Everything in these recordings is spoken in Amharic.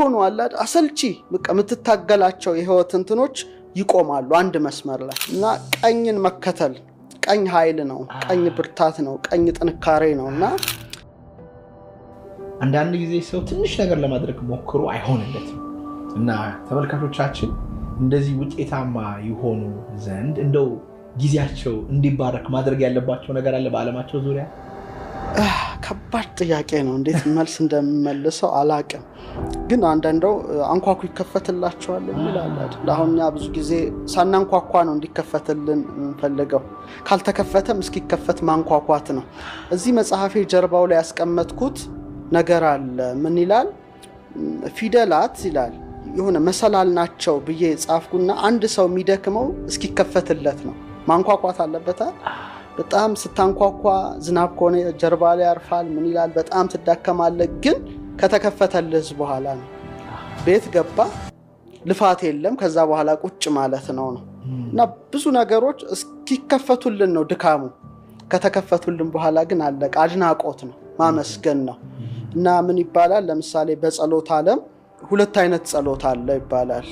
ሆኖ አላድ አሰልቺ የምትታገላቸው የህይወት እንትኖች ይቆማሉ አንድ መስመር ላይ እና ቀኝን መከተል ቀኝ ኃይል ነው፣ ቀኝ ብርታት ነው፣ ቀኝ ጥንካሬ ነው። እና አንዳንድ ጊዜ ሰው ትንሽ ነገር ለማድረግ ሞክሮ አይሆንለትም። እና ተመልካቾቻችን እንደዚህ ውጤታማ የሆኑ ዘንድ እንደው ጊዜያቸው እንዲባረክ ማድረግ ያለባቸው ነገር አለ በዓለማቸው ዙሪያ ከባድ ጥያቄ ነው። እንዴት መልስ እንደምመልሰው አላቅም። ግን አንዳንደው አንኳኩ ይከፈትላቸዋል የሚል አለ። አሁን ብዙ ጊዜ ሳናንኳኳ ነው እንዲከፈትልን የምንፈልገው። ካልተከፈተም እስኪከፈት ማንኳኳት ነው። እዚህ መጽሐፌ ጀርባው ላይ ያስቀመጥኩት ነገር አለ። ምን ይላል? ፊደላት ይላል የሆነ መሰላል ናቸው ብዬ ጻፍኩና አንድ ሰው የሚደክመው እስኪከፈትለት ነው። ማንኳኳት አለበታል በጣም ስታንኳኳ ዝናብ ከሆነ ጀርባ ላይ ያርፋል። ምን ይላል፣ በጣም ትዳከማለህ። ግን ከተከፈተልህ በኋላ ነው። ቤት ገባ፣ ልፋት የለም። ከዛ በኋላ ቁጭ ማለት ነው ነው እና ብዙ ነገሮች እስኪከፈቱልን ነው ድካሙ። ከተከፈቱልን በኋላ ግን አለቀ። አድናቆት ነው፣ ማመስገን ነው። እና ምን ይባላል፣ ለምሳሌ በጸሎት አለም ሁለት አይነት ጸሎት አለ ይባላል።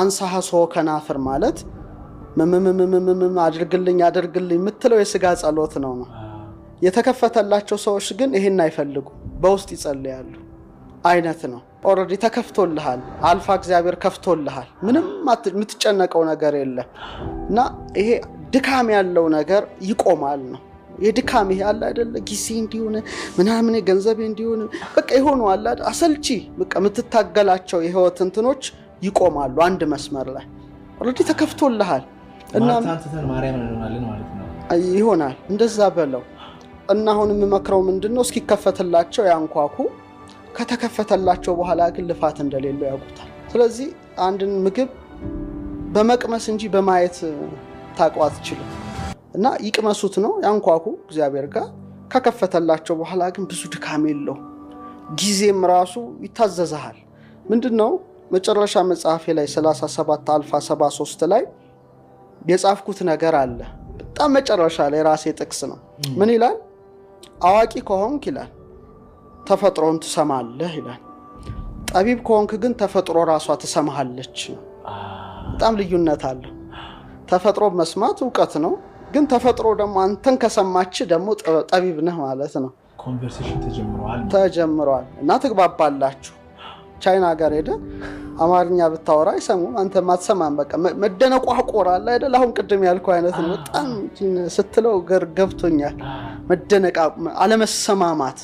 አንሳሐ ከናፍር ማለት ምምምምምምም አድርግልኝ አድርግልኝ የምትለው የስጋ ጸሎት ነው ነው። የተከፈተላቸው ሰዎች ግን ይህን አይፈልጉ፣ በውስጥ ይጸልያሉ አይነት ነው። ኦረዲ ተከፍቶልሃል፣ አልፋ እግዚአብሔር ከፍቶልሃል። ምንም የምትጨነቀው ነገር የለም እና ይሄ ድካም ያለው ነገር ይቆማል ነው የድካም ይሄ አለ አይደለ ጊዜ እንዲሆነ ምናምን ገንዘብ እንዲሆን በቃ የሆኑ አለ አሰልቺ በቃ የምትታገላቸው የህይወት እንትኖች ይቆማሉ አንድ መስመር ላይ ረዲ ተከፍቶልሃል። ይሆናል እንደዛ በለው እና አሁን የምመክረው ምንድነው እስኪከፈትላቸው ያንኳኩ። ከተከፈተላቸው በኋላ ግን ልፋት እንደሌለው ያውቁታል። ስለዚህ አንድን ምግብ በመቅመስ እንጂ በማየት ታቋት አትችልም። እና ይቅመሱት ነው ያንኳኩ እግዚአብሔር ጋር። ከከፈተላቸው በኋላ ግን ብዙ ድካም የለው ጊዜም ራሱ ይታዘዝሃል። ምንድን ነው መጨረሻ መጽሐፌ ላይ 37 አልፋ 73 ላይ የጻፍኩት ነገር አለ። በጣም መጨረሻ ላይ ራሴ ጥቅስ ነው። ምን ይላል? አዋቂ ከሆንክ ይላል ተፈጥሮን ትሰማለህ ይላል። ጠቢብ ከሆንክ ግን ተፈጥሮ ራሷ ትሰማሃለች። በጣም ልዩነት አለው። ተፈጥሮ መስማት እውቀት ነው፣ ግን ተፈጥሮ ደግሞ አንተን ከሰማች ደግሞ ጠቢብ ነህ ማለት ነው። ተጀምረዋል እና ትግባባላችሁ። ቻይና ሀገር ሄደ አማርኛ ብታወራ አይሰሙም። አንተ ማትሰማም በቃ መደነቋቆር አለ አይደል? አሁን ቅድም ያልኩ አይነት ነው። በጣም ስትለው ገር ገብቶኛል። መደነቅ፣ አለመሰማማት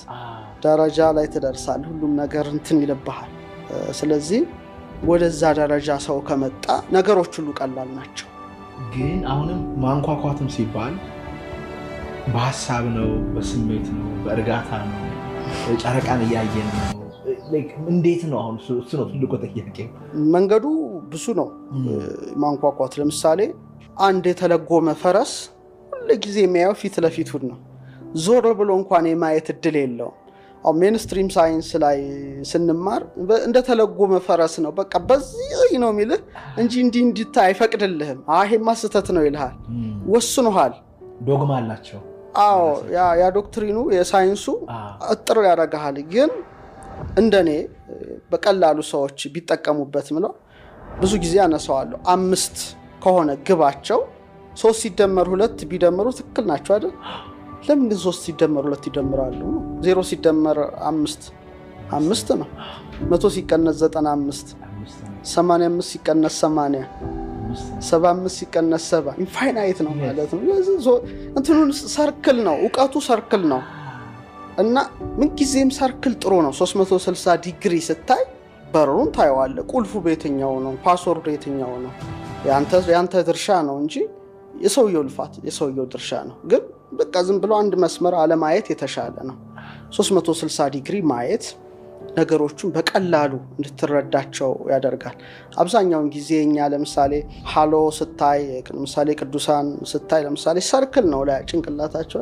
ደረጃ ላይ ትደርሳል። ሁሉም ነገር እንትን ይልብሃል። ስለዚህ ወደዛ ደረጃ ሰው ከመጣ ነገሮች ሁሉ ቀላል ናቸው። ግን አሁንም ማንኳኳትም ሲባል በሀሳብ ነው፣ በስሜት ነው፣ በእርጋታ ነው፣ ጨረቃን እያየን ነው እንዴት ነው አሁን? እሱ ነው ትልቁ ጥያቄ። መንገዱ ብዙ ነው ማንኳኳት። ለምሳሌ አንድ የተለጎመ ፈረስ ጊዜ የሚያየው ፊት ለፊቱን ነው። ዞር ብሎ እንኳን የማየት እድል የለውም። አሁን ሜንስትሪም ሳይንስ ላይ ስንማር እንደተለጎመ ፈረስ ነው። በቃ በዚህ ነው የሚልህ እንጂ እንዲ እንዲታይ አይፈቅድልህም። ይሄማ ማስተት ነው ይልሃል። ወስኖሃል። ዶግማ አላቸው። አዎ ያ ዶክትሪኑ የሳይንሱ እጥር ያደረግሃል ግን እንደኔ በቀላሉ ሰዎች ቢጠቀሙበት ምለው ብዙ ጊዜ አነሳዋለሁ። አምስት ከሆነ ግባቸው ሶስት ሲደመር ሁለት ቢደምሩ ትክክል ናቸው አይደል? ለምን ግን ሶስት ሲደመር ሁለት ይደምራሉ? ዜሮ ሲደመር አምስት አምስት ነው። መቶ ሲቀነስ ዘጠና አምስት ሰማንያ አምስት ሲቀነስ ሰማኒያ ሰባ አምስት ሲቀነስ ሰባ ኢንፋይናይት ነው ማለት ነው። እንትኑን ሰርክል ነው እውቀቱ ሰርክል ነው። እና ምንጊዜም ሰርክል ጥሩ ነው። 360 ዲግሪ ስታይ በሩን ታየዋለ። ቁልፉ በየትኛው ነው፣ ፓስወርዱ የትኛው ነው፣ የአንተ ድርሻ ነው እንጂ የሰውየው ልፋት የሰውየው ድርሻ ነው። ግን በቃ ዝም ብሎ አንድ መስመር አለማየት የተሻለ ነው። 360 ዲግሪ ማየት ነገሮቹን በቀላሉ እንድትረዳቸው ያደርጋል። አብዛኛውን ጊዜ እኛ ለምሳሌ ሀሎ ስታይ ለምሳሌ ቅዱሳን ስታይ ለምሳሌ ሰርክል ነው ላይ ጭንቅላታቸው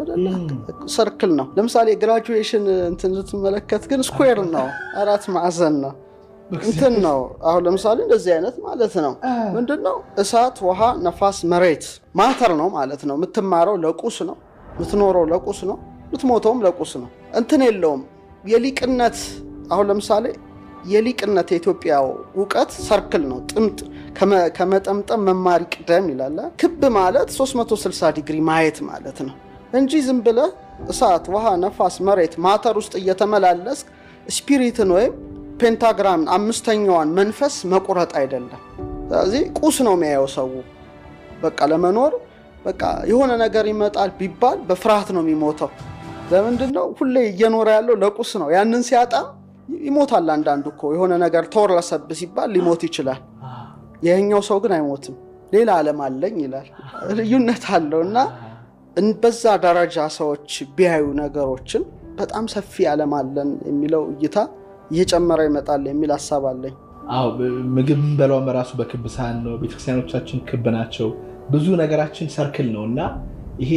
ሰርክል ነው። ለምሳሌ ግራጁዌሽን እንትን ስትመለከት ግን ስኩዌር ነው፣ አራት ማዕዘን ነው እንትን ነው። አሁን ለምሳሌ እንደዚህ አይነት ማለት ነው። ምንድን ነው እሳት፣ ውሃ፣ ነፋስ፣ መሬት ማተር ነው ማለት ነው። የምትማረው ለቁስ ነው፣ የምትኖረው ለቁስ ነው፣ የምትሞተውም ለቁስ ነው። እንትን የለውም የሊቅነት አሁን ለምሳሌ የሊቅነት የኢትዮጵያ እውቀት ሰርክል ነው። ጥምጥ ከመጠምጠም መማር ቅደም ይላል። ክብ ማለት 360 ዲግሪ ማየት ማለት ነው እንጂ ዝም ብለ እሳት፣ ውሃ፣ ነፋስ፣ መሬት ማተር ውስጥ እየተመላለስ ስፒሪትን ወይም ፔንታግራም አምስተኛዋን መንፈስ መቁረጥ አይደለም። ስለዚህ ቁስ ነው የሚያየው ሰው በቃ ለመኖር በቃ የሆነ ነገር ይመጣል ቢባል በፍርሃት ነው የሚሞተው። ለምንድን ነው ሁሌ እየኖረ ያለው? ለቁስ ነው። ያንን ሲያጣ ይሞታል። አንዳንዱ እኮ የሆነ ነገር ተወረሰብ ሲባል ሊሞት ይችላል። ይህኛው ሰው ግን አይሞትም። ሌላ ዓለም አለኝ ይላል። ልዩነት አለው እና በዛ ደረጃ ሰዎች ቢያዩ ነገሮችን በጣም ሰፊ ዓለም አለን የሚለው እይታ እየጨመረ ይመጣል የሚል ሀሳብ አለኝ። አዎ ምግብ የምንበላውም ራሱ በክብ ሳህን ነው። ቤተክርስቲያኖቻችን ክብ ናቸው። ብዙ ነገራችን ሰርክል ነው እና ይሄ